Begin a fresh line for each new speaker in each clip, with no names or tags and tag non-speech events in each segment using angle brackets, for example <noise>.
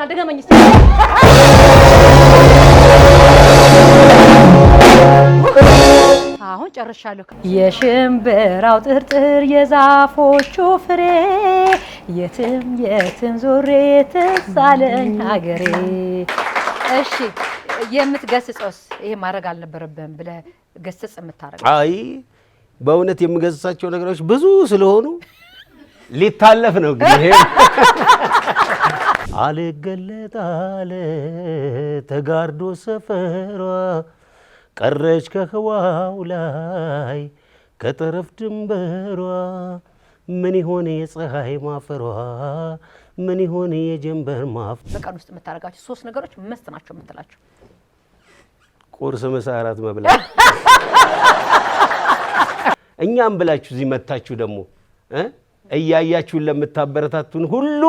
ይሻላል። ድገመኝ እስኪ። አሁን ጨርሻለሁ። የሽምብራው ጥርጥር የዛፎቹ ፍሬ የትም የትም ዞሬ ትዝ አለኝ ሀገሬ። እሺ የምትገስጸውስ ይሄ ማድረግ አልነበረብህም ብለህ ገስጽ የምታደርገው?
አይ በእውነት የምገስጻቸው ነገሮች ብዙ ስለሆኑ ሊታለፍ ነው ግን አልገለጣለ ተጋርዶ ሰፈሯ ቀረች ከህዋው ላይ ከጠረፍ ድንበሯ ምን ይሆን የፀሐይ ማፈሯ ምን ይሆን የጀንበር ማፍ
በቀን ውስጥ የምታደርጋቸው ሶስት ነገሮች መስት ናቸው የምትላቸው
ቁርስ፣ ምሳ፣ እራት መብላት እኛም ብላችሁ እዚህ መታችሁ ደግሞ እያያችሁን ለምታበረታቱን ሁሉ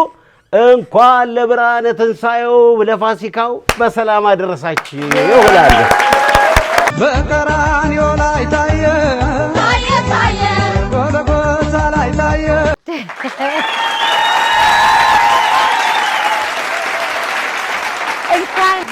እንኳን ለብርሃነ ትንሣኤው ለፋሲካው በሰላም አደረሳችሁ እላለሁ። በቀራንዮ ላይ ታየ ታየ ጎልጎታ ላይ
ታየ።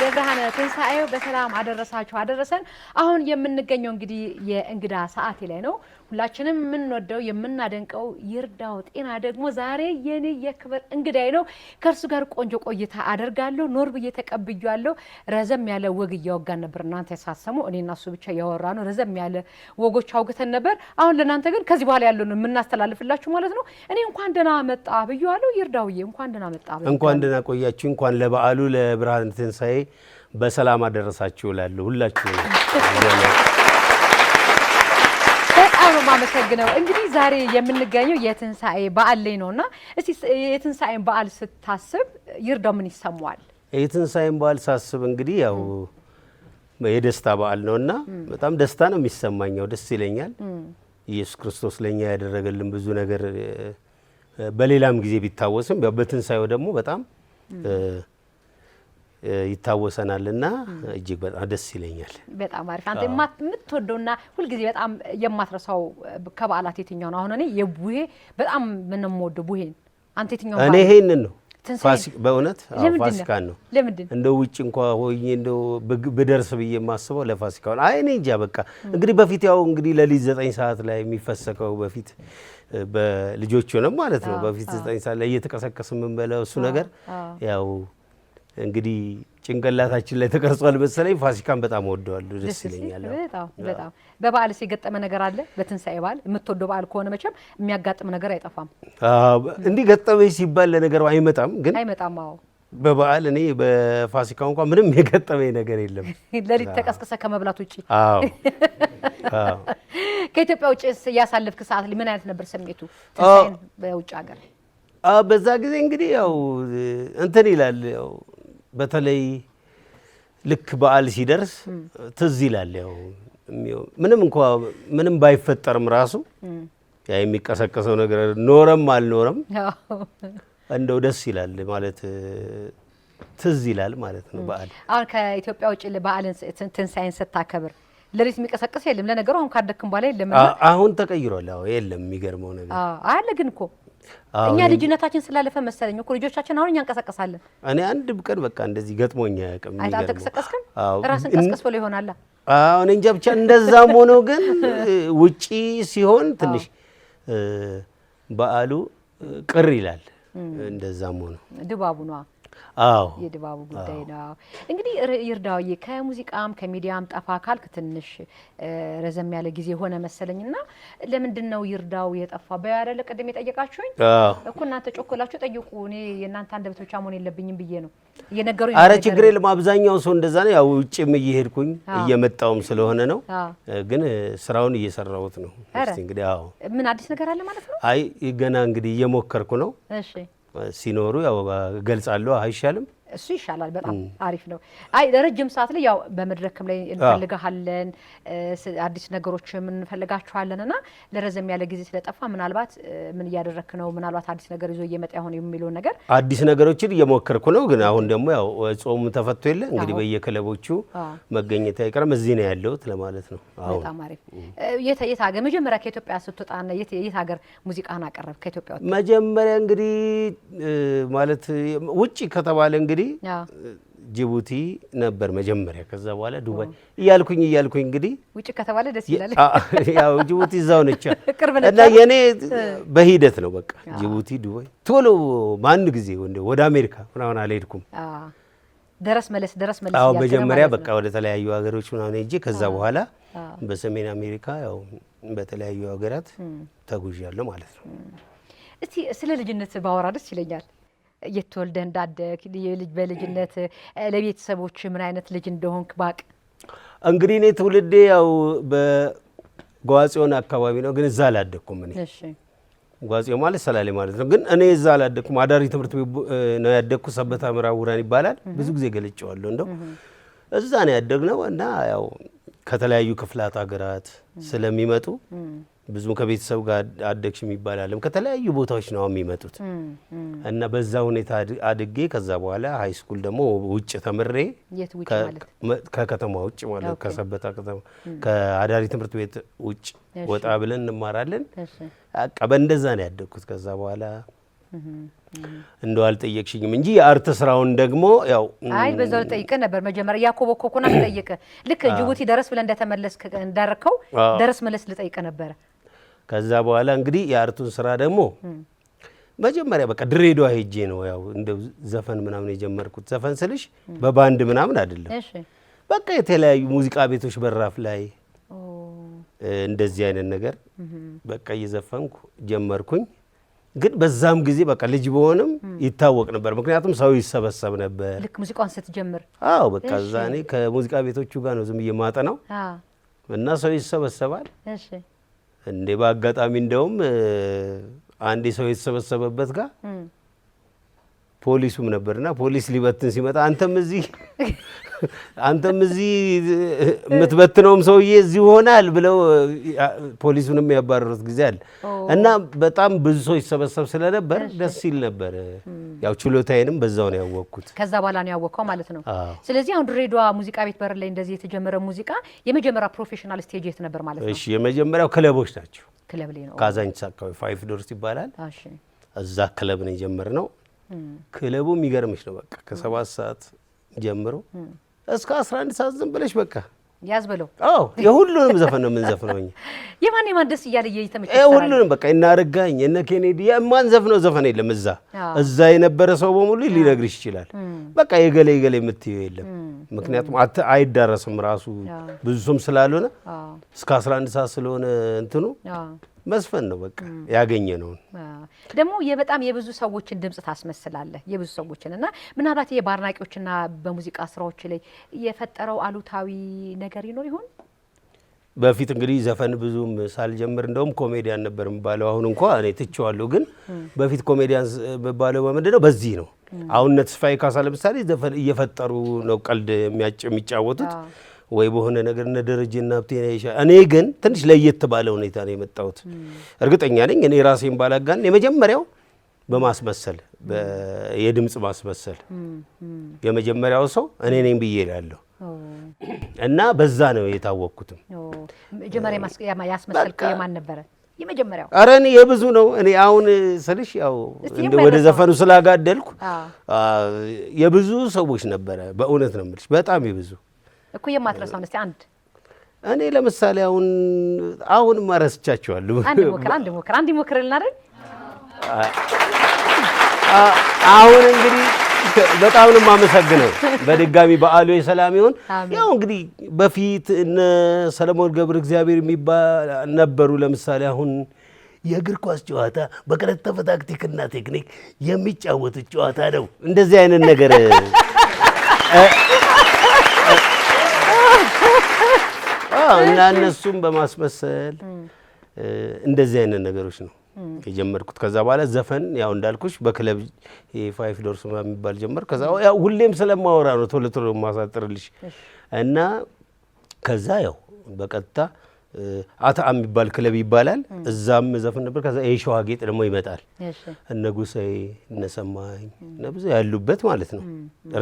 ለብርሃነ ትንሣኤው በሰላም አደረሳችሁ አደረሰን። አሁን የምንገኘው እንግዲህ የእንግዳ ሰዓቴ ላይ ነው። ሁላችንም የምንወደው የምናደንቀው ይርዳው ጤና ደግሞ ዛሬ የኔ የክብር እንግዳይ ነው። ከእርሱ ጋር ቆንጆ ቆይታ አደርጋለሁ። ኖር ብዬ ተቀብያለሁ። ረዘም ያለ ወግ እያወጋን ነበር። እናንተ ያሳሰሙ እኔ እና እሱ ብቻ እያወራ ነው። ረዘም ያለ ወጎች አውግተን ነበር። አሁን ለእናንተ ግን ከዚህ በኋላ ያለውን የምናስተላልፍላችሁ ማለት ነው። እኔ እንኳን ደህና መጣ ብያለሁ። ይርዳውዬ እንኳን ደህና መጣ፣
እንኳን ደህና ቆያችሁ፣ እንኳን ለበዓሉ ለብርሃን ትንሣኤ በሰላም አደረሳችሁ እላለሁ ሁላችሁ <laughs>
የምናመሰግነው እንግዲህ ዛሬ የምንገኘው የትንሣኤ በዓል ላይ ነው ና እስቲ የትንሣኤን በዓል ስታስብ ይርዳው ምን ይሰማዋል?
የትንሣኤን በዓል ሳስብ እንግዲህ ያው የደስታ በዓል ነው እና በጣም ደስታ ነው የሚሰማኛው፣ ደስ ይለኛል። ኢየሱስ ክርስቶስ ለእኛ ያደረገልን ብዙ ነገር በሌላም ጊዜ ቢታወስም በትንሣኤው ደግሞ በጣም ይታወሰናል እና እጅግ በጣም ደስ ይለኛል።
በጣም አሪፍ። አንተ የምትወደውና ሁልጊዜ በጣም የማትረሳው ከበዓላት የትኛው ነው? አሁን እኔ የቡሄ በጣም ምን የምወደው ቡሄን፣ አንተ የትኛው?
እኔ ይሄንን ነው በእውነት ፋሲካን ነው። ለምንድን እንደው ውጭ እንኳ ሆኜ እንደው ብደርስ ብዬ የማስበው ለፋሲካውን። አይ እኔ እንጃ በቃ እንግዲህ በፊት ያው እንግዲህ ለሊት ዘጠኝ ሰዓት ላይ የሚፈሰከው በፊት በልጆቹንም ማለት ነው በፊት ዘጠኝ ሰዓት ላይ እየተቀሰቀስ የምንበለው እሱ ነገር ያው እንግዲህ ጭንቅላታችን ላይ ተቀርጿል መሰለኝ። ፋሲካን በጣም ወደዋለሁ፣ ደስ ይለኛል።
በጣም በበዓልስ የገጠመ ነገር አለ? በትንሳኤ በዓል የምትወደው በዓል ከሆነ መቼም የሚያጋጥም ነገር አይጠፋም።
እንዲህ ገጠመኝ ሲባል ለነገሩ አይመጣም፣
ግን አይመጣም። አዎ
በበዓል እኔ በፋሲካ እንኳን ምንም የገጠመኝ ነገር የለም፣
ለሊት ተቀስቅሰ ከመብላት ውጭ። ከኢትዮጵያ ውጭ ያሳለፍክ ሰዓት ምን አይነት ነበር ስሜቱ? ትንሳኤን በውጭ ሀገር
በዛ ጊዜ እንግዲህ ያው እንትን ይላል ያው በተለይ ልክ በዓል ሲደርስ ትዝ ይላል። ያው ምንም እንኳ ምንም ባይፈጠርም ራሱ ያ የሚቀሰቀሰው ነገር ኖረም አልኖረም እንደው ደስ ይላል ማለት ትዝ ይላል ማለት ነው። በዓል
አሁን ከኢትዮጵያ ውጭ በዓልን ትንሳኤን ስታከብር ለሊት የሚቀሰቅስ የለም። ለነገሩ አሁን ካደክም በኋላ የለም።
አሁን ተቀይሯል። አዎ የለም። የሚገርመው ነገር
አለ ግን እኮ እኛ ልጅነታችን ስላለፈ መሰለኝ እኮ ልጆቻችን አሁን እኛ እንቀሳቀሳለን።
እኔ አንድ ቀን በቃ እንደዚህ ገጥሞኝ አያውቅም።
አልተቀሰቀስክም? ራስን ቀስቀስ ብሎ ይሆናል።
አዎ እኔ እንጃ ብቻ። እንደዛም ሆኖ ግን <laughs> ውጪ ሲሆን ትንሽ በዓሉ ቅር ይላል። እንደዛም ሆኖ
ድባቡ ነዋ የድባቡ ጉዳይ ነው። እንግዲህ ይርዳውዬ ከሙዚቃም ከሚዲያም ጠፋ ካልክ ትንሽ ረዘም ያለ ጊዜ ሆነ መሰለኝ ና ለምንድን ነው ይርዳው የጠፋ በያደለ ቅድም የጠየቃችሁኝ እኮ እናንተ ጮኮላችሁ ጠይቁ። እኔ የእናንተ አንድ ብቻ መሆን የለብኝም ብዬ ነው የነገሩኝ።
አረ ችግር የለም። አብዛኛው ሰው እንደዛ ነው። ያው ውጭም እየሄድኩኝ እየመጣውም ስለሆነ ነው። ግን ስራውን እየሰራሁት ነው።
እንግዲህ ምን አዲስ ነገር አለ ማለት ነው?
አይ ገና እንግዲህ እየሞከርኩ ነው። እሺ ሲኖሩ ያው እገልጻለሁ አይሻልም
እሱ ይሻላል። በጣም አሪፍ ነው። አይ ለረጅም ሰዓት ላይ ያው በመድረክም ላይ እንፈልግሃለን፣ አዲስ ነገሮችም እንፈልጋችኋለን እና ለረዘም ያለ ጊዜ ስለጠፋ ምናልባት ምን እያደረክ ነው፣ ምናልባት አዲስ ነገር ይዞ እየመጣ ይሆን የሚለውን ነገር
አዲስ ነገሮችን እየሞከርኩ ነው። ግን አሁን ደግሞ ያው ጾሙ ተፈቶ የለ እንግዲህ በየክለቦቹ መገኘት አይቀርም። እዚህ ነው ያለሁት ለማለት ነው።
በጣም አሪፍ። የት የት ሀገር መጀመሪያ ከኢትዮጵያ ስትወጣ የት ሀገር ሙዚቃን አቀረብ? ከኢትዮጵያ
መጀመሪያ እንግዲህ ማለት ውጭ ከተባለ እንግዲህ እንግዲህ ጅቡቲ ነበር መጀመሪያ። ከዛ በኋላ ዱባይ እያልኩኝ እያልኩኝ እንግዲህ
ውጭ ከተባለ ደስ ይላል።
ያው ጅቡቲ እዛው ነች እና የኔ በሂደት ነው በቃ ጅቡቲ፣ ዱባይ ቶሎ በአንድ ጊዜ ወደ አሜሪካ ምናምን አልሄድኩም።
ደረስ መለስ ደረስ መለስ
አዎ፣ መጀመሪያ በቃ ወደ ተለያዩ ሀገሮች ምናምን ሄጄ ከዛ በኋላ በሰሜን አሜሪካ ያው በተለያዩ ሀገራት ተጉዣለሁ ማለት ነው።
እስቲ ስለ ልጅነት ባወራ ደስ ይለኛል። የት ተወልደህ እንዳደግ በልጅነት ለቤተሰቦች ምን አይነት ልጅ እንደሆንክ ባቅ።
እንግዲህ እኔ ትውልዴ ያው በጓጽዮን አካባቢ ነው፣ ግን እዛ አላደግኩም። እኔ ጓጽዮን ማለት ሰላሌ ማለት ነው፣ ግን እኔ እዛ አላደግኩም። አዳሪ ትምህርት ቤት ነው ያደግኩ። ሰበት ምዕራብ ውራን ይባላል። ብዙ ጊዜ ገልጨዋለሁ። እንደው እዛ ነው ያደግ ነው እና ያው ከተለያዩ ክፍላት ሀገራት ስለሚመጡ ብዙም ከቤተሰብ ጋር አደግሽ የሚባል አለም ከተለያዩ ቦታዎች ነው የሚመጡት እና በዛ ሁኔታ አድጌ ከዛ በኋላ ሀይ ስኩል ደግሞ ውጭ ተምሬ ከከተማ ውጭ ማለት ከሰበታ ከተማ ከአዳሪ ትምህርት ቤት ውጭ ወጣ ብለን እንማራለን። በእንደዛ ነው ያደግኩት። ከዛ በኋላ እንደው አልጠየቅሽኝም እንጂ የአርት ስራውን ደግሞ ያው
አይ በዛው ልጠይቅ ነበር። መጀመሪያ ያኮቦ ኮኮና ልጠይቅ ልክ ጅቡቲ ደረስ ብለን እንደተመለስ እንዳረከው ደረስ መለስ ልጠይቅ ነበረ።
ከዛ በኋላ እንግዲህ የአርቱን ስራ ደግሞ መጀመሪያ በቃ ድሬዳዋ ሄጄ ነው ያው እንደ ዘፈን ምናምን የጀመርኩት። ዘፈን ስልሽ በባንድ ምናምን አይደለም። በቃ የተለያዩ ሙዚቃ ቤቶች በራፍ ላይ እንደዚህ አይነት ነገር በቃ እየዘፈንኩ ጀመርኩኝ። ግን በዛም ጊዜ በቃ ልጅ በሆንም ይታወቅ ነበር፣ ምክንያቱም ሰው ይሰበሰብ ነበር።
ልክ ሙዚቃውን ስትጀምር?
አዎ በቃ እዛ እኔ ከሙዚቃ ቤቶቹ ጋር ነው ዝም እየማጠ ነው እና ሰው ይሰበሰባል እንዴ በአጋጣሚ እንደውም አንድ ሰው የተሰበሰበበት ጋር ፖሊሱም ነበርና ፖሊስ ሊበትን ሲመጣ አንተም እዚህ አንተም እዚህ የምትበትነውም ሰውዬ እዚህ ይሆናል ብለው ፖሊሱንም ያባረሩት ጊዜ አለ እና በጣም ብዙ ሰው ይሰበሰብ ስለነበር ደስ ይል ነበር። ያው ችሎታዬንም በዛው ነው ያወቅኩት።
ከዛ በኋላ ነው ያወቅከው ማለት ነው። ስለዚህ አሁን ድሬዳዋ ሙዚቃ ቤት በር ላይ እንደዚህ የተጀመረ ሙዚቃ የመጀመሪያ ፕሮፌሽናል ስቴጅ የት ነበር ማለት
ነው? እሺ የመጀመሪያው ክለቦች ናቸው። ክለብ ላይ ነው። ካዛንቺስ አካባቢ ፋይፍ ዶርስ ይባላል። እዛ ክለብ ነው የጀመርነው። ክለቡ የሚገርምሽ ነው። በቃ ከሰባት ሰዓት ጀምሮ እስከ 11 ሰዓት ዝም ብለሽ በቃ ያዝ በለው። አዎ የሁሉንም ዘፈን ነው የምንዘፍነው እኛ።
<laughs> የማን የማን ደስ እያለ እየተመቸ
ሁሉንም በቃ እናረጋኝ እነ ኬኔዲ የማን ዘፍነው ዘፈን የለም። እዛ እዛ የነበረ ሰው በሙሉ ሊነግርሽ ይችላል። በቃ የገሌ የገሌ የምትየው የለም። ምክንያቱም አይዳረስም ራሱ ብዙም ስላልሆነ እስከ 11 ሰዓት ስለሆነ እንትኑ መስፈን ነው በቃ ያገኘ ነውን።
ደግሞ በጣም የብዙ ሰዎችን ድምጽ ታስመስላለህ የብዙ ሰዎችን እና ምናልባት ይሄ በአድናቂዎችና በሙዚቃ ስራዎች ላይ የፈጠረው አሉታዊ ነገር ይኖር ይሆን?
በፊት እንግዲህ ዘፈን ብዙም ሳልጀምር እንደውም ኮሜዲያን ነበር የምባለው። አሁን እንኳ እኔ ትቼዋለሁ፣ ግን በፊት ኮሜዲያን የምባለው በምንድን ነው? በዚህ ነው። አሁን እነ ተስፋዬ ካሳ ለምሳሌ ዘፈን እየፈጠሩ ነው ቀልድ የሚያጭ የሚጫወቱት ወይ በሆነ ነገር እነ ደረጀ እና ሀብቴና ይሻ እኔ ግን ትንሽ ለየት ባለ ሁኔታ ነው የመጣሁት። እርግጠኛ ነኝ እኔ ራሴን ባላጋን የመጀመሪያው በማስመሰል የድምፅ ማስመሰል የመጀመሪያው ሰው እኔ ነኝ ብዬ እላለሁ እና በዛ ነው የታወቅኩትም።
መጀመሪያ ያስመሰልኩ የማን ነበረ? የመጀመሪያው
ኧረ እኔ የብዙ ነው። እኔ አሁን ስልሽ ያው ወደ ዘፈኑ ስላጋደልኩ የብዙ ሰዎች ነበረ። በእውነት ነው የምልሽ በጣም የብዙ
እኮ የማትረሳውን እስቲ አንድ
እኔ ለምሳሌ አሁን አሁን ማረስቻቸዋለሁ።
አንድ ሞክር አንድ ሞክር አንድ ሞክር ልናደርግ።
አሁን እንግዲህ በጣም ነው የማመሰግነው በድጋሚ በዓሉ የሰላም ይሁን። ያው እንግዲህ በፊት እነ ሰለሞን ገብረ እግዚአብሔር የሚባል ነበሩ። ለምሳሌ አሁን የእግር ኳስ ጨዋታ በቀለጠፈ ታክቲክና ቴክኒክ የሚጫወቱት ጨዋታ ነው። እንደዚህ አይነት ነገር <laughs> እና እነሱም በማስመሰል እንደዚህ አይነት ነገሮች ነው የጀመርኩት። ከዛ በኋላ ዘፈን ያው እንዳልኩሽ በክለብ የፋይፍ ዶርስ የሚባል ጀመር። ከዛ ያው ሁሌም ስለማወራ ነው ቶሎ ቶሎ ማሳጥርልሽ እና ከዛ ያው በቀጥታ አታ የሚባል ክለብ ይባላል። እዛም ዘፍን ነበር። ከዛ የሸዋ ጌጥ ደግሞ ይመጣል። እነ ጉሳዬ እነሰማኝ ሰማኝ ያሉበት ማለት ነው።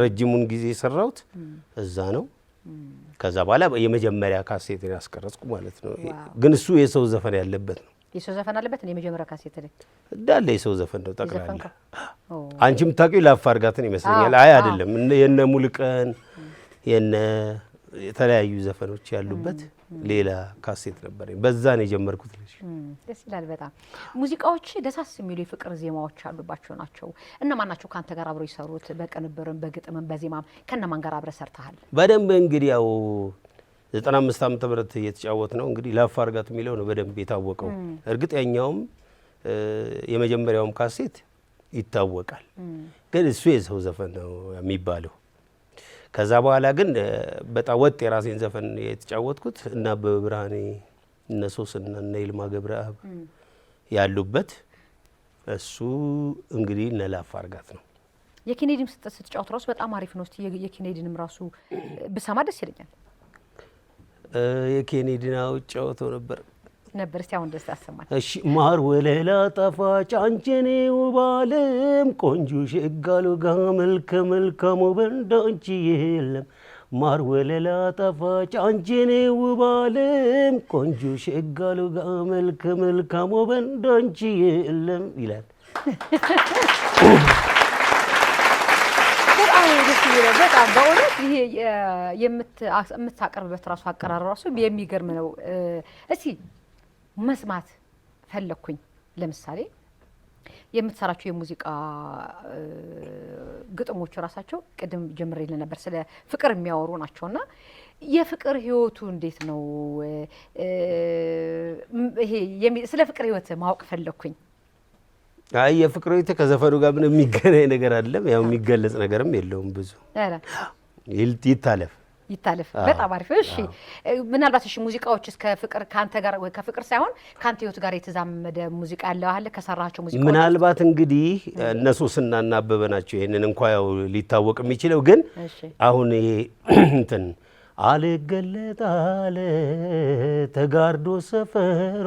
ረጅሙን ጊዜ የሰራሁት እዛ ነው። ከዛ በኋላ የመጀመሪያ ካሴትን ያስቀረጽኩ ማለት ነው። ግን እሱ የሰው ዘፈን ያለበት ነው።
የሰው ዘፈን አለበት ነው። የመጀመሪያ ካሴት ላይ
እንዳለ የሰው ዘፈን ነው ጠቅላላ። አንቺ የምታውቂው ላፋርጋትን ይመስለኛል። አይ አይደለም፣ የነ ሙልቀን የነ የተለያዩ ዘፈኖች ያሉበት ሌላ ካሴት ነበረኝ። በዛ ነው የጀመርኩት። ልጅ
ደስ ይላል በጣም ሙዚቃዎች ደሳስ የሚሉ የፍቅር ዜማዎች ያሉባቸው ናቸው። እነማን ናቸው ከአንተ ጋር አብረው የሰሩት? በቅንብርም በግጥምም በዜማም ከነማን ጋር አብረህ ሰርተሃል?
በደንብ እንግዲህ ያው ዘጠና አምስት ዓመተ ምህረት እየተጫወት ነው እንግዲህ ላፍ አድርጋት የሚለው ነው በደንብ የታወቀው። እርግጥ ያኛውም የመጀመሪያውም ካሴት ይታወቃል፣ ግን እሱ የሰው ዘፈን ነው የሚባለው ከዛ በኋላ ግን በጣም ወጥ የራሴን ዘፈን የተጫወትኩት እና አበበ ብርሃኔ እነ ሶስና እነ ይልማ ገብረአብ ያሉበት እሱ እንግዲህ እነ ላፍ አርጋት ነው።
የኬኔዲም ስትጫወት ራሱ በጣም አሪፍ ነው። እስቲ የኬኔዲንም ራሱ ብሰማ ደስ ይለኛል።
የኬኔዲናው ጫወተው ነበር
ነበር። እስቲ አሁን ደስ ያሰማል።
እሺ ማር ወለላ ጣፋጭ አንቺኔ ውባለም ቆንጆ ሽጋሉ ጋ መልከ መልካሙ በንዳንቺ የለም ማር ወለላ ጣፋጭ አንቺኔ ውባለም ቆንጆ ሽጋሉ ጋ መልከ
መልካሙ በንዳንቺ የለም ይላል። በጣም በእውነት ይሄ የምታቀርብበት ራሱ አቀራር ራሱ የሚገርም ነው። እስቲ መስማት ፈለግኩኝ። ለምሳሌ የምትሰራቸው የሙዚቃ ግጥሞቹ ራሳቸው ቅድም ጀምሬ ነበር ስለ ፍቅር የሚያወሩ ናቸውና የፍቅር ህይወቱ እንዴት ነው? ይሄ ስለ ፍቅር ህይወት ማወቅ ፈለግኩኝ።
አይ የፍቅር ህይወት ከዘፈኑ ጋር ምን የሚገናኝ ነገር አለም? ያው የሚገለጽ ነገርም የለውም ብዙ ይታለፍ
ይታለፍ። በጣም አሪፍ። እሺ ምናልባት እሺ ሙዚቃዎች እስከ ፍቅር ከአንተ ጋር ወይ ከፍቅር ሳይሆን ከአንተ ህይወት ጋር የተዛመደ ሙዚቃ ያለው አለ ከሰራቸው
ሙዚቃ ምናልባት እንግዲህ እነሱ ስናናበበ ናቸው ይህንን እንኳ ያው ሊታወቅ የሚችለው ግን አሁን ይሄ <clears throat> እንትን አልገለጥ አለ ተጋርዶ ሰፈሯ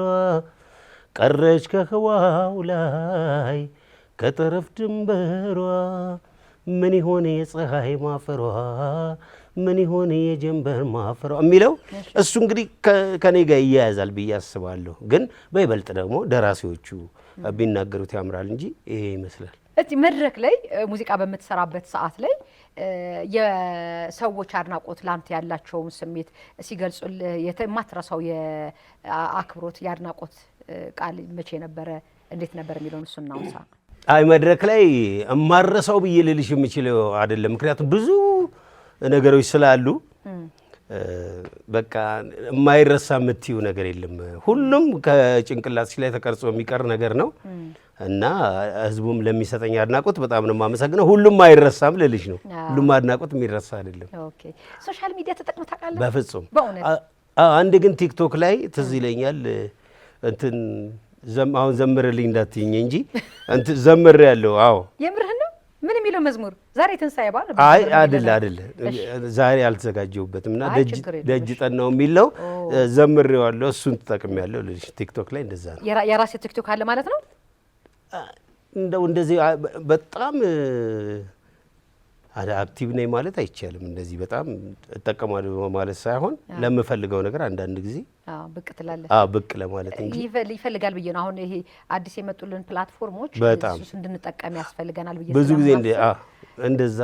ቀረች ከህዋው ላይ ከጠረፍ ድንበሯ ምን ይሆን የፀሐይ ማፈሯ ምን ይሆን የጀንበር ማፈራው የሚለው እሱ እንግዲህ ከኔ ጋር እያያዛል ብዬ አስባለሁ። ግን በይበልጥ ደግሞ ደራሲዎቹ ቢናገሩት ያምራል እንጂ ይሄ ይመስላል።
እዚህ መድረክ ላይ ሙዚቃ በምትሰራበት ሰዓት ላይ የሰዎች አድናቆት ላንተ ያላቸውን ስሜት ሲገልጹ የማትረሳው የአክብሮት የአድናቆት ቃል መቼ ነበረ? እንዴት ነበር የሚለውን እሱ እናውሳ።
አይ መድረክ ላይ እማረሳው ብዬ ልልሽ የምችለው አይደለም። ምክንያቱም ብዙ ነገሮች ስላሉ በቃ የማይረሳ የምትዩ ነገር የለም። ሁሉም ከጭንቅላት ላይ ተቀርጾ የሚቀር ነገር ነው እና ህዝቡም ለሚሰጠኝ አድናቆት በጣም ነው የማመሰግነው። ሁሉም አይረሳም ልልሽ ነው። ሁሉም አድናቆት የሚረሳ አይደለም።
ሶሻል ሚዲያ ተጠቅመህ ታውቃለህ?
በፍጹም አንድ ግን ቲክቶክ ላይ ትዝ ይለኛል እንትን አሁን ዘምርልኝ እንዳትኝ እንጂ ዘምር ያለው አዎ፣
የምርህን ነው ምን የሚለው መዝሙር ዛሬ ትንሳኤ በዓል
አይ አይደለ አይደለ ዛሬ አልተዘጋጀሁበትም እና ደጅ ጠናው የሚለው ዘምሬዋለሁ እሱን ትጠቅሚያለሁ ልልሽ ቲክቶክ ላይ እንደዛ
ነው የራሴ ቲክቶክ አለ ማለት ነው
እንደው እንደዚህ በጣም አክቲቭ ነኝ ማለት አይቻልም። እንደዚህ በጣም እጠቀማለሁ ማለት ሳይሆን ለምፈልገው ነገር አንዳንድ ጊዜ ብቅ ትላለ ብቅ ለማለት
ይፈልጋል ብዬ ነው። አሁን ይሄ አዲስ የመጡልን ፕላትፎርሞች
በጣም እንድንጠቀም ያስፈልገናል ብዬ ብዙ ጊዜ እንደዛ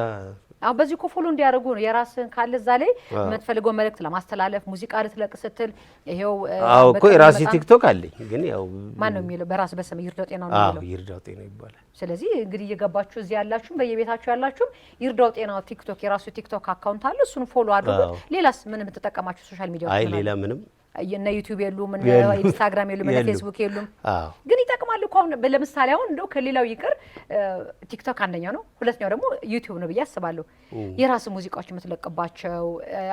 አሁን በዚህ ፎሎ እንዲያደርጉ ነው የራስህን ካለ እዛ ላይ የምትፈልገው መልእክት ለማስተላለፍ ሙዚቃ ልትለቅ ስትል ይሄው።
አዎ እኮ የራሴ ቲክቶክ አለኝ፣ ግን ያው
ማን ነው የሚለው በራስ በስም ይርዳው ጤናው
ነው የሚለው። ይርዳው ጤናው ይባላል።
ስለዚህ እንግዲህ እየገባችሁ እዚህ ያላችሁም በየቤታችሁ ያላችሁም ይርዳው ጤናው ቲክቶክ የራሱ ቲክቶክ አካውንት አለ፣ እሱን ፎሎ አድርጉት። ሌላስ ምን የምትጠቀማቸው ሶሻል ሚዲያ?
አይ ሌላ ምንም
እነ ዩቲዩብ የሉም፣ ኢንስታግራም የሉም፣ እነ ፌስቡክ የሉም። ግን ይጠቅማሉ እኮ አሁን ለምሳሌ አሁን እንደው ከሌላው ይቅር ቲክቶክ አንደኛው ነው፣ ሁለተኛው ደግሞ ዩቲዩብ ነው ብዬ አስባለሁ። የራስ ሙዚቃዎች የምትለቅባቸው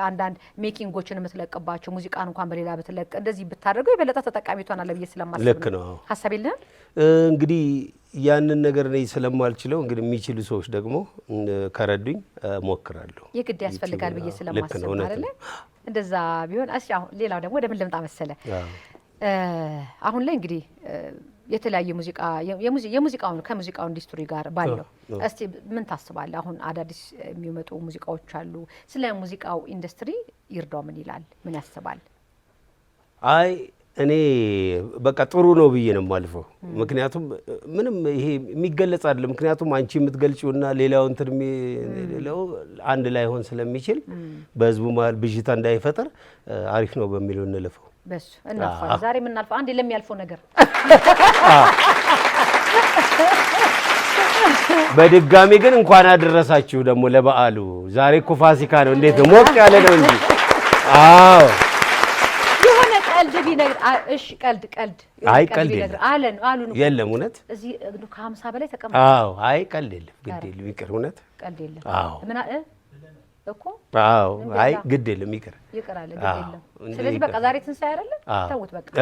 አንዳንድ ሜኪንጎችን የምትለቅባቸው ሙዚቃን እንኳን በሌላ ብትለቅ እንደዚህ ብታደርገው የበለጠ ተጠቃሚ ትሆናለ ብዬ ስለማስብ ልክ ነው ሀሳብ የለህም
እንግዲህ ያንን ነገር እኔ ስለማልችለው እንግዲህ የሚችሉ ሰዎች ደግሞ ከረዱኝ ሞክራለሁ።
የግድ ያስፈልጋል ብዬ
ስለማስብ አይደለ
እንደዛ ቢሆን እሺ። አሁን ሌላው ደግሞ ወደምን ልምጣ መሰለ፣ አሁን ላይ እንግዲህ የተለያየ ሙዚቃ የሙዚቃውን ከሙዚቃው ኢንዱስትሪ ጋር ባለው እስቲ ምን ታስባለህ? አሁን አዳዲስ የሚመጡ ሙዚቃዎች አሉ። ስለ ሙዚቃው ኢንዱስትሪ ይርዳው ምን ይላል? ምን ያስባል?
አይ እኔ በቃ ጥሩ ነው ብዬ ነው የማልፈው። ምክንያቱም ምንም ይሄ የሚገለጽ አይደለም። ምክንያቱም አንቺ የምትገልጪውና ሌላው እንትን ሌላው አንድ ላይሆን ስለሚችል በህዝቡ መሀል ብዥታ እንዳይፈጠር አሪፍ ነው በሚለው እንልፈው።
በሱ እናልፋለን። ዛሬ የምናልፈው አንድ ለሚያልፈው ነገር
በድጋሚ ግን እንኳን አደረሳችሁ ደግሞ ለበዓሉ። ዛሬ እኮ ፋሲካ ነው። እንዴት ሞቅ ያለ ነው እንጂ አዎ
ቀልድ ቢነግር እሺ፣ ቀልድ ቀልድ አይ ቀልድ የለም አለን አሉን የለም እውነት እዚህ እንዱ ከሀምሳ በላይ ተቀምጦ
አዎ፣ አይ ቀልድ የለም ግድ የለም ይቅር፣ እውነት ቀልድ የለም። አዎ፣ ምን እኮ አዎ፣ አይ ግድ የለም ይቅር፣
ይቅር አለ ግድ የለም ስለዚህ በቃ ዛሬ ትንሳኤ አይደለ? ተውት በቃ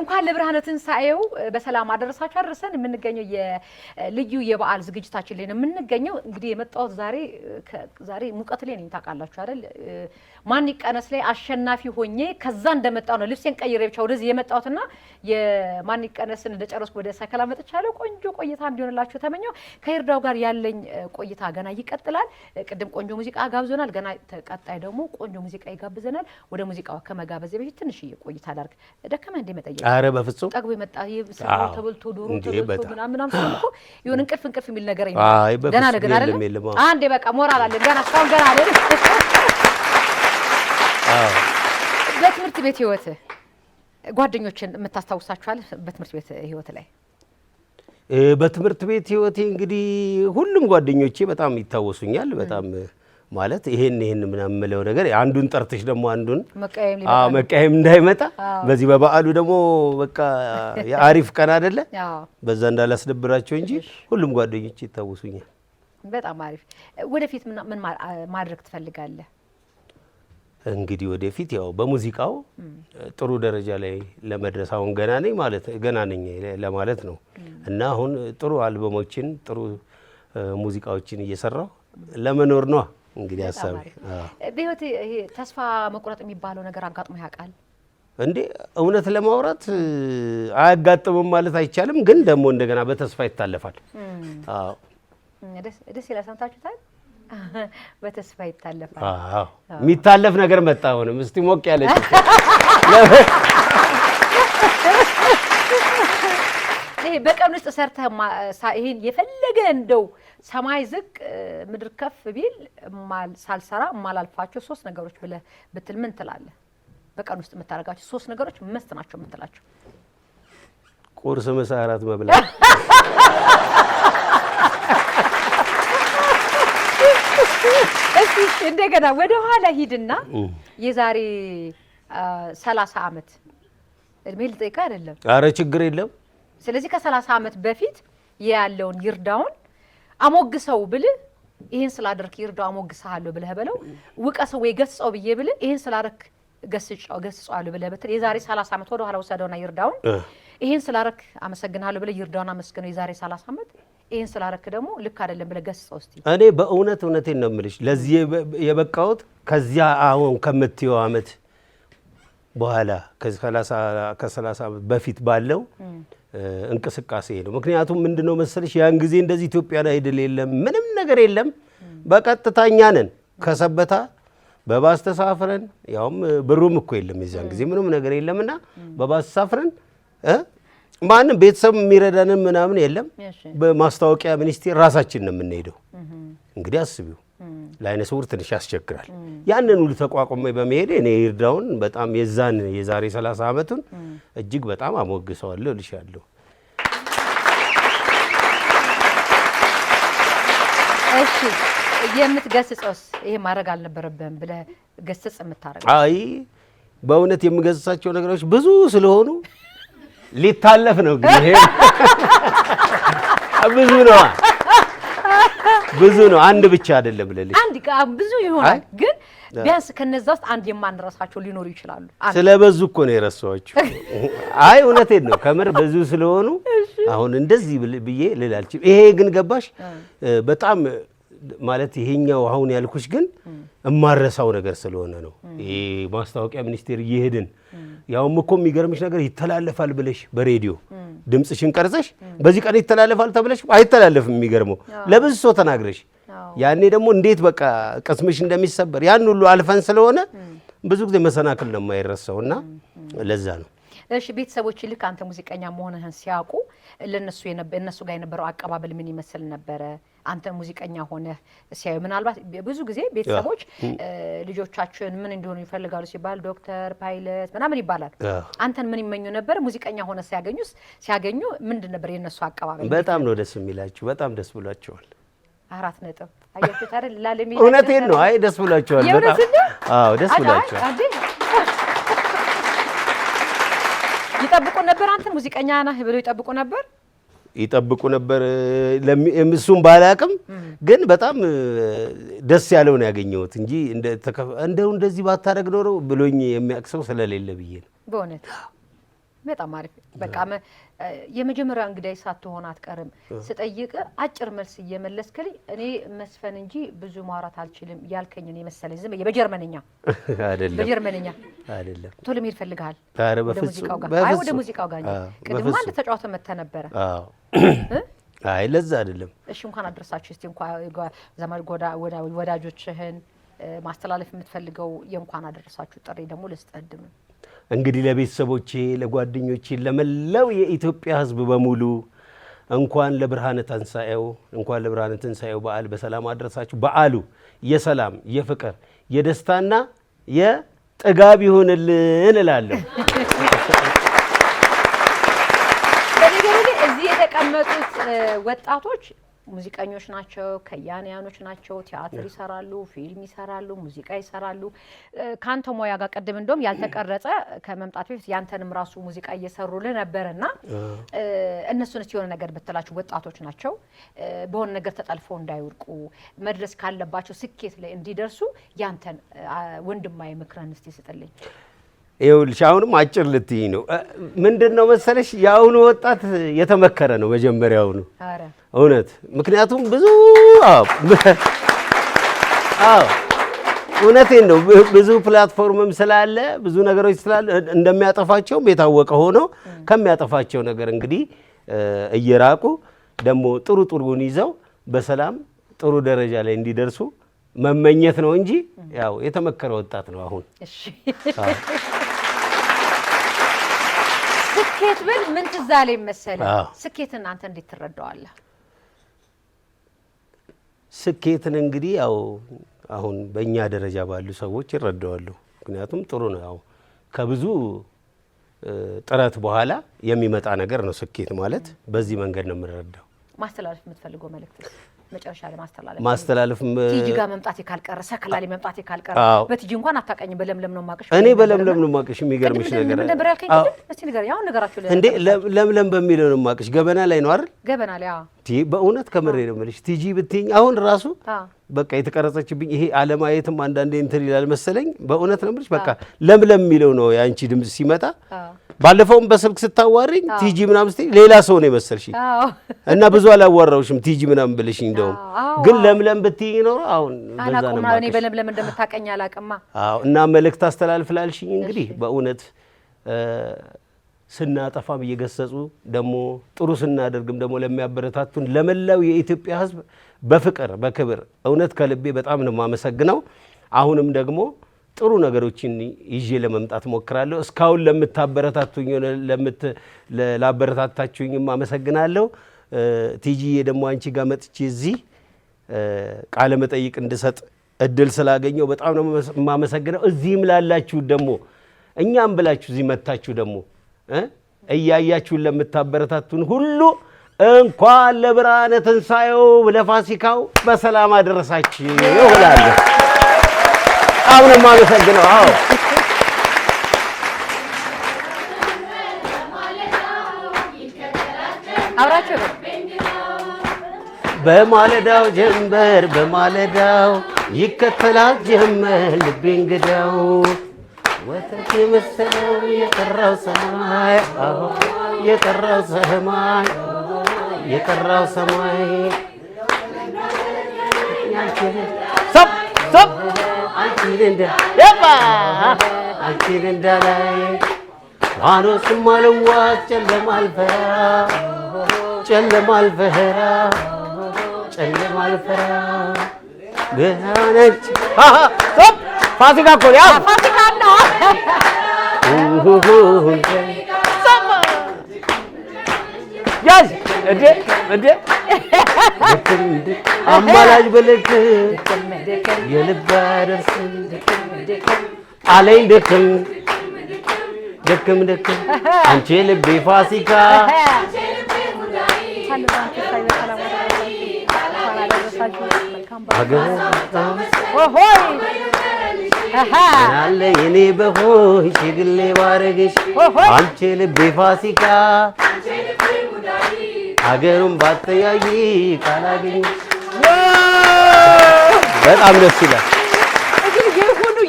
እንኳን ለብርሃነ ትንሳኤው በሰላም አደረሳችሁ አድርሰን የምንገኘው የልዩ የበዓል ዝግጅታችን ላይ ነው የምንገኘው። እንግዲህ የመጣሁት ዛሬ ዛሬ ሙቀት ላይ ነኝ ታውቃላችሁ አይደል? ማን ይቀነስ ላይ አሸናፊ ሆኜ ከዛ እንደመጣው ነው ልብሴን ቀይሬ ብቻ ወደዚህ የመጣሁትና የማን ይቀነስን እንደጨረስኩ ወደ ሰከላ መጥቻለሁ። ቆንጆ ቆይታ እንዲሆንላችሁ ተመኘው። ከይርዳው ጋር ያለኝ ቆይታ ገና ይቀጥላል። ቅድም ቆንጆ ሙዚቃ ጋብዞናል። ገና ተቀጣይ ደግሞ ቆንጆ ሙዚቃ ይጋብዘናል። ወደ ሙዚቃው ከመ ጋር በዚህ በፊት ትንሽ ቆይታ አላርግ ደከመ እንዴ መጠየቅ? አረ በፍጹም ጠግቦ የመጣ ሰው ተበልቶ ዶሮ ተበልቶ ምናምናም ምናምን ይሁን እንቅልፍ እንቅልፍ የሚል ነገር ደህና ነው ግን አይደለም። አንዴ በቃ ሞራል አለን ገና እስካሁን ገና አለን። በትምህርት ቤት ህይወት ጓደኞችን የምታስታውሳችኋል? በትምህርት ቤት ህይወት ላይ
በትምህርት ቤት ህይወቴ እንግዲህ ሁሉም ጓደኞቼ በጣም ይታወሱኛል በጣም ማለት ይሄን ይሄን የምለው ነገር አንዱን ጠርትሽ ደግሞ አንዱን መቃየም እንዳይመጣ በዚህ በበዓሉ ደግሞ በቃ አሪፍ ቀን አይደለ? በዛ እንዳላስደብራቸው እንጂ ሁሉም ጓደኞች ይታወሱኛል።
በጣም አሪፍ። ወደፊት ምን ማድረግ ትፈልጋለህ?
እንግዲህ ወደፊት ያው በሙዚቃው ጥሩ ደረጃ ላይ ለመድረስ አሁን ገና ነኝ ማለት ገና ነኝ ለማለት ነው እና አሁን ጥሩ አልበሞችን ጥሩ ሙዚቃዎችን እየሰራሁ ለመኖር ነዋ። እንግዲህ ሀሳብ
በህይወት ይሄ ተስፋ መቁረጥ የሚባለው ነገር አጋጥሞ ያውቃል
እንዴ? እውነት ለማውራት አያጋጥምም ማለት አይቻልም፣ ግን ደግሞ እንደገና በተስፋ ይታለፋል።
ደስ ይላል። ሰምታችሁታል። <laughs> በተስፋ ይታለፋል።
የሚታለፍ ነገር መጣ። አሁንም እስቲ ሞቅ ያለች
በቀን ውስጥ ሰርተህ የፈለገ እንደው ሰማይ ዝቅ ምድር ከፍ ቢል ሳልሰራ የማላልፋቸው ሶስት ነገሮች ብለ ብትል ምን ትላለ? በቀን ውስጥ የምታደርጋቸው ሶስት ነገሮች መስት ናቸው የምትላቸው?
ቁርስ፣ ምሳ፣ እራት መብላት።
<laughs> እስቲ እንደገና ወደ ኋላ ሂድና የዛሬ ሰላሳ አመት እድሜ ልጠይቅህ አይደለም።
አረ ችግር የለም።
ስለዚህ ከሰላሳ አመት በፊት ያለውን ይርዳውን አሞግሰው ብል ይህን ስላደርክ ይርዳው አሞግሰሃለሁ ብለህ በለው። ውቀሰው ወይ ገስጸው ብዬ ብል ይህን ስላደርክ ገስጫው ገስጸዋለሁ ብለህ በትል የዛሬ 30 ዓመት ወደ ኋላ ወሰደውና ይርዳውን ይህን ስላደርክ አመሰግናለሁ ብለህ ይርዳውን አመስግነው የዛሬ 30 ዓመት ይህን ስላደረክ ደግሞ ልክ አይደለም ብለህ ገስጸው እስቲ።
እኔ በእውነት እውነቴን ነው የምልሽ ለዚህ የበቃሁት ከዚያ አሁን ከምትየው ዓመት በኋላ ከ30 ዓመት በፊት ባለው እንቅስቃሴ ነው። ምክንያቱም ምንድነው መሰለሽ ያን ጊዜ እንደዚህ ኢትዮጵያ ላይ ድል የለም፣ ምንም ነገር የለም። በቀጥታኛ ነን ከሰበታ በባስ ተሳፍረን ያውም ብሩም እኮ የለም የዚያን ጊዜ ምንም ነገር የለምና በባስ ተሳፍረን ማንም ቤተሰብ የሚረዳንም ምናምን የለም። በማስታወቂያ ሚኒስቴር ራሳችን ነው የምንሄደው። እንግዲህ አስቢው ለአይነ ስውር ትንሽ ያስቸግራል። ያንን ሁሉ ተቋቁሜ በመሄድ እኔ ይርዳውን በጣም የዛን የዛሬ 30 ዓመቱን እጅግ በጣም አሞግሰዋለሁ እልሻለሁ።
እሺ የምትገስጸውስ ይሄ ማድረግ አልነበረብህም ብለህ ገስጽ የምታደርገው?
አይ በእውነት የምገስጻቸው ነገሮች ብዙ ስለሆኑ ሊታለፍ ነው ግን ይሄ <laughs> ብዙ ነው። ብዙ ነው። አንድ ብቻ አይደለም ልልሽ፣
አንድ ብዙ ይሆናል። ግን ቢያንስ ከነዛ ውስጥ አንድ የማንረሳቸው ሊኖሩ ይችላሉ።
ስለበዙ እኮ ነው የረሳኋቸው። <laughs> አይ እውነቴን ነው፣ ከምር ብዙ ስለሆኑ አሁን እንደዚህ ብዬ ልል አልችልም። ይሄ ግን ገባሽ በጣም ማለት ይሄኛው አሁን ያልኩሽ ግን ማረሳው ነገር ስለሆነ ነው። ይሄ ማስታወቂያ ሚኒስቴር እየሄድን ያውም እኮ የሚገርምሽ ነገር ይተላለፋል ብለሽ በሬዲዮ ድምፅሽን ቀርጸሽ በዚህ ቀን ይተላለፋል ተብለሽ አይተላለፍም። የሚገርመው ለብዙ ሰው ተናግረሽ ያኔ ደግሞ እንዴት በቃ ቅስምሽ እንደሚሰበር ያን ሁሉ አልፈን ስለሆነ ብዙ ጊዜ መሰናክል ነው የማይረሳው እና ለዛ ነው።
እሺ ቤተሰቦች ልክ አንተ ሙዚቀኛ መሆንህን ሲያውቁ ለእነሱ እነሱ ጋር የነበረው አቀባበል ምን ይመስል ነበረ? አንተ ሙዚቀኛ ሆነ ሲያዩ ምናልባት ብዙ ጊዜ ቤተሰቦች ልጆቻችን ምን እንዲሆኑ ይፈልጋሉ ሲባል ዶክተር፣ ፓይለት ምናምን ይባላል። አንተን ምን ይመኙ ነበር? ሙዚቀኛ ሆነ ሲያገኙ ሲያገኙ ምንድን ነበር የነሱ አቀባበል?
በጣም ነው ደስ የሚላችሁ። በጣም ደስ ብሏቸዋል።
አራት ነጥብ አያችሁት አይደል? ላለሚ
እውነቴን ነው። አይ ደስ ብሏቸዋል። በጣም አዎ ደስ ብሏቸዋል።
ይጠብቁ ነበር አንተን ሙዚቀኛ ነህ ብሎ ይጠብቁ ነበር።
ይጠብቁ ነበር። እሱም ባላቅም ግን በጣም ደስ ያለው ነው ያገኘሁት እንጂ እንደው እንደዚህ ባታደረግ ኖረው ብሎኝ የሚያቅሰው ስለሌለ ብዬ ነው
በእውነት በጣም አሪፍ በቃ የመጀመሪያ እንግዳይ ሳትሆን አትቀርም። ስጠይቅ አጭር መልስ እየመለስክልኝ እኔ መስፈን እንጂ ብዙ ማውራት አልችልም ያልከኝ ነው የመሰለኝ። ዝም በጀርመንኛ <laughs> አይደለም፣ በጀርመንኛ አይደለም። ቶሎ መሄድ ፈልግሃል።
ኧረ በፍጹም
አይ፣ ወደ ሙዚቃው ጋር ቅድም አንድ ተጫዋተ መተ ነበረ።
አይ ለዛ አይደለም።
እሺ እንኳን አድረሳችሁ። እስቲ እንኳን ዘመድ ወዳጆችህን ማስተላለፍ የምትፈልገው የእንኳን አደረሳችሁ ጥሪ ደግሞ ልስጥህ እድሜ
እንግዲህ ለቤተሰቦቼ፣ ለጓደኞቼ፣ ለመላው የኢትዮጵያ ሕዝብ በሙሉ እንኳን ለብርሃነ ትንሣኤው እንኳን ለብርሃነ ትንሣኤው በዓል በሰላም አድረሳችሁ። በዓሉ የሰላም የፍቅር፣ የደስታና የጥጋብ ይሆንልን እላለሁ።
ወጣቶች ሙዚቀኞች ናቸው፣ ከያንያኖች ናቸው። ቲያትር ይሰራሉ፣ ፊልም ይሰራሉ፣ ሙዚቃ ይሰራሉ። ከአንተ ሙያ ጋር ቅድም እንደውም ያልተቀረጸ ከመምጣት በፊት ያንተንም ራሱ ሙዚቃ እየሰሩልህ ነበር እና እነሱን እስቲ የሆነ ነገር ብትላቸው፣ ወጣቶች ናቸው፣ በሆነ ነገር ተጠልፎ እንዳይወድቁ መድረስ ካለባቸው ስኬት ላይ እንዲደርሱ ያንተን ወንድማዊ ምክርን እስቲ ስጥልኝ።
ይኸውልሽ አሁንም አጭር ልትይ ነው። ምንድን ነው መሰለሽ የአሁኑ ወጣት የተመከረ ነው መጀመሪያውኑ እውነት። ምክንያቱም ብዙ እውነቴን ነው ብዙ ፕላትፎርምም ስላለ ብዙ ነገሮች ስላለ እንደሚያጠፋቸውም የታወቀ ሆኖ ከሚያጠፋቸው ነገር እንግዲህ እየራቁ ደግሞ ጥሩ ጥሩን ይዘው በሰላም ጥሩ ደረጃ ላይ እንዲደርሱ መመኘት ነው እንጂ ያው የተመከረ ወጣት ነው አሁን።
ስኬት ብል ምን ትዝ አለኝ መሰለህ? ስኬትን እንዴት ትረዳዋለህ?
ስኬትን እንግዲህ ያው አሁን በእኛ ደረጃ ባሉ ሰዎች ይረዳዋሉ። ምክንያቱም ጥሩ ነው ያው ከብዙ ጥረት በኋላ የሚመጣ ነገር ነው። ስኬት ማለት በዚህ መንገድ ነው የምንረዳው።
ማስተላለፍ የምትፈልገው መልእክት መጨረሻ ላይ ማስተላለፍ ማስተላለፍ ቲጂ ጋር መምጣቴ ካልቀረ ሰከላ ላይ መምጣቴ ካልቀረ በቲጂ እንኳን አታውቃኝም። በለምለም ነው የማውቅሽ።
እኔ በለምለም ነው የማውቅሽ። የሚገርምሽ ነገር
ነበር ያልከኝ? እስቲ ንገረኝ። አሁን ነገራችሁ
እንዴ ለምለም በሚለው ነው የማውቅሽ። ገበና ላይ ነው አይደል? ገበና ላይ አዎ። በእውነት ከምሬ ነው የምልሽ። ቲጂ ብትይኝ አሁን ራሱ በቃ የተቀረጸችብኝ ይሄ አለማየትም አንዳንዴ እንትን ይላል መሰለኝ። በእውነት ነው የምልሽ። በቃ ለምለም የሚለው ነው የአንቺ ድምጽ ሲመጣ ባለፈውም በስልክ ስታዋሪኝ ቲጂ ምናምን ስትይ ሌላ ሰው ነው የመሰልሽኝ እና ብዙ አላዋራውሽም ቲጂ ምናምን ብልሽኝ እንደውም ግን ለምለም ብትይኝ ኖሮ አሁን
እኔ በለምለም እንደምታቀኝ አላቅማ።
እና መልእክት አስተላልፍላልሽኝ እንግዲህ በእውነት ስናጠፋም እየገሰጹ ደግሞ ጥሩ ስናደርግም ደግሞ ለሚያበረታቱን ለመላው የኢትዮጵያ ሕዝብ በፍቅር በክብር እውነት ከልቤ በጣም ነው የማመሰግነው። አሁንም ደግሞ ጥሩ ነገሮችን ይዤ ለመምጣት ሞክራለሁ። እስካሁን ለምታበረታቱኝ ላበረታታችሁኝም አመሰግናለሁ። ቲጂዬ ደግሞ አንቺ ጋር መጥቼ እዚህ ቃለ መጠይቅ እንድሰጥ እድል ስላገኘው በጣም ነው የማመሰግነው። እዚህም ላላችሁ ደግሞ እኛም ብላችሁ እዚህ መታችሁ ደግሞ እያያችሁን ለምታበረታቱን ሁሉ እንኳን ለብርሃነ ትንሣኤው ለፋሲካው በሰላም አደረሳችሁ ይሆናለሁ። በጣም ነው የማመሰግነው። አዎ አብራችሁ በማለዳው ጀንበር በማለዳው ይከተላት ጀመር ልቤ እንግዳው ወተት የመሰለው የጠራው ሰማይ የጠራው ሰማይ የጠራው ሰማይ አንቺን እንዳላይ ዋኖስም አልዋት ጨለማ አልፈራ ጨለማ ብርሃነች ፋሲካ እኮ
ፋሲካ ነው።
<laughs> አማላጅ በለች የልብ አያደርስም አለኝ ድክም ድክም ድክም አንቺ ልቤ ፋሲካ
አለ እኔ በሆይ ሽግሌ ባረግሽ አንቺ ልቤ ፋሲካ አገሩን ባተያይ ካላገኘሽ በጣም ደስ ይላል።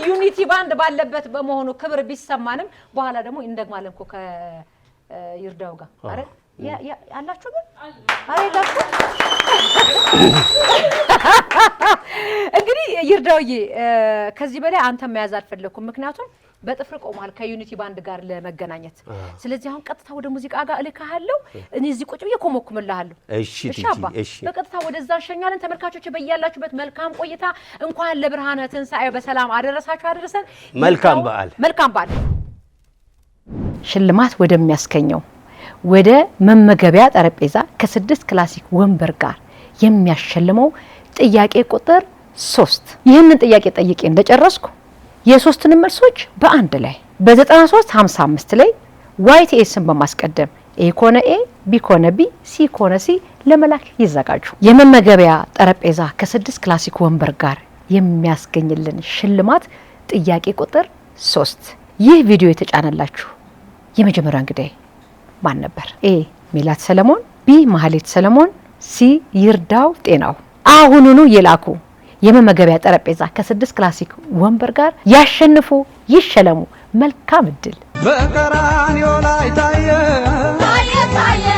ዩኒቲ ባንድ ባለበት በመሆኑ ክብር ቢሰማንም በኋላ ደግሞ እንደግማለን እኮ ከይርዳው ጋር አረ ያላችሁ ግን አላችሁ። እንግዲህ ይርዳውዬ ከዚህ በላይ አንተ መያዝ አልፈለኩም፣ ምክንያቱም በጥፍር ቆሟል ከዩኒቲ ባንድ ጋር ለመገናኘት። ስለዚህ አሁን ቀጥታ ወደ ሙዚቃ ጋር እልካለሁ። እኔ እዚህ ቁጭ ብዬ ኮመኩምልሃለሁ። እሺ አባ፣ በቀጥታ ወደዛ እንሸኛለን። ተመልካቾች በያላችሁበት መልካም ቆይታ። እንኳን ለብርሃነ ትንሣኤ በሰላም አደረሳችሁ አደረሰን። መልካም በዓል፣ መልካም በዓል። ሽልማት ወደሚያስገኘው ወደ መመገቢያ ጠረጴዛ ከስድስት ክላሲክ ወንበር ጋር የሚያሸልመው ጥያቄ ቁጥር ሶስት ይህንን ጥያቄ ጠይቄ እንደጨረስኩ የሶስቱንም መልሶች በአንድ ላይ በ 9355 55 ላይ ዋይት ኤስን በማስቀደም ኤ ኮነ ኤ፣ ቢ ኮነ ቢ፣ ሲ ኮነ ሲ ለመላክ ይዘጋጁ። የመመገቢያ ጠረጴዛ ከስድስት ክላሲክ ወንበር ጋር የሚያስገኝልን ሽልማት ጥያቄ ቁጥር ሶስት ይህ ቪዲዮ የተጫነላችሁ የመጀመሪያ እንግዳይ ማን ነበር? ኤ ሜላት ሰለሞን፣ ቢ ማህሌት ሰለሞን፣ ሲ ይርዳው ጤናው። አሁኑኑ የላኩ የመመገቢያ ጠረጴዛ ከስድስት ክላሲክ ወንበር ጋር ያሸንፉ፣ ይሸለሙ። መልካም እድል። በቀራንዮ ላይ ታየ ታየ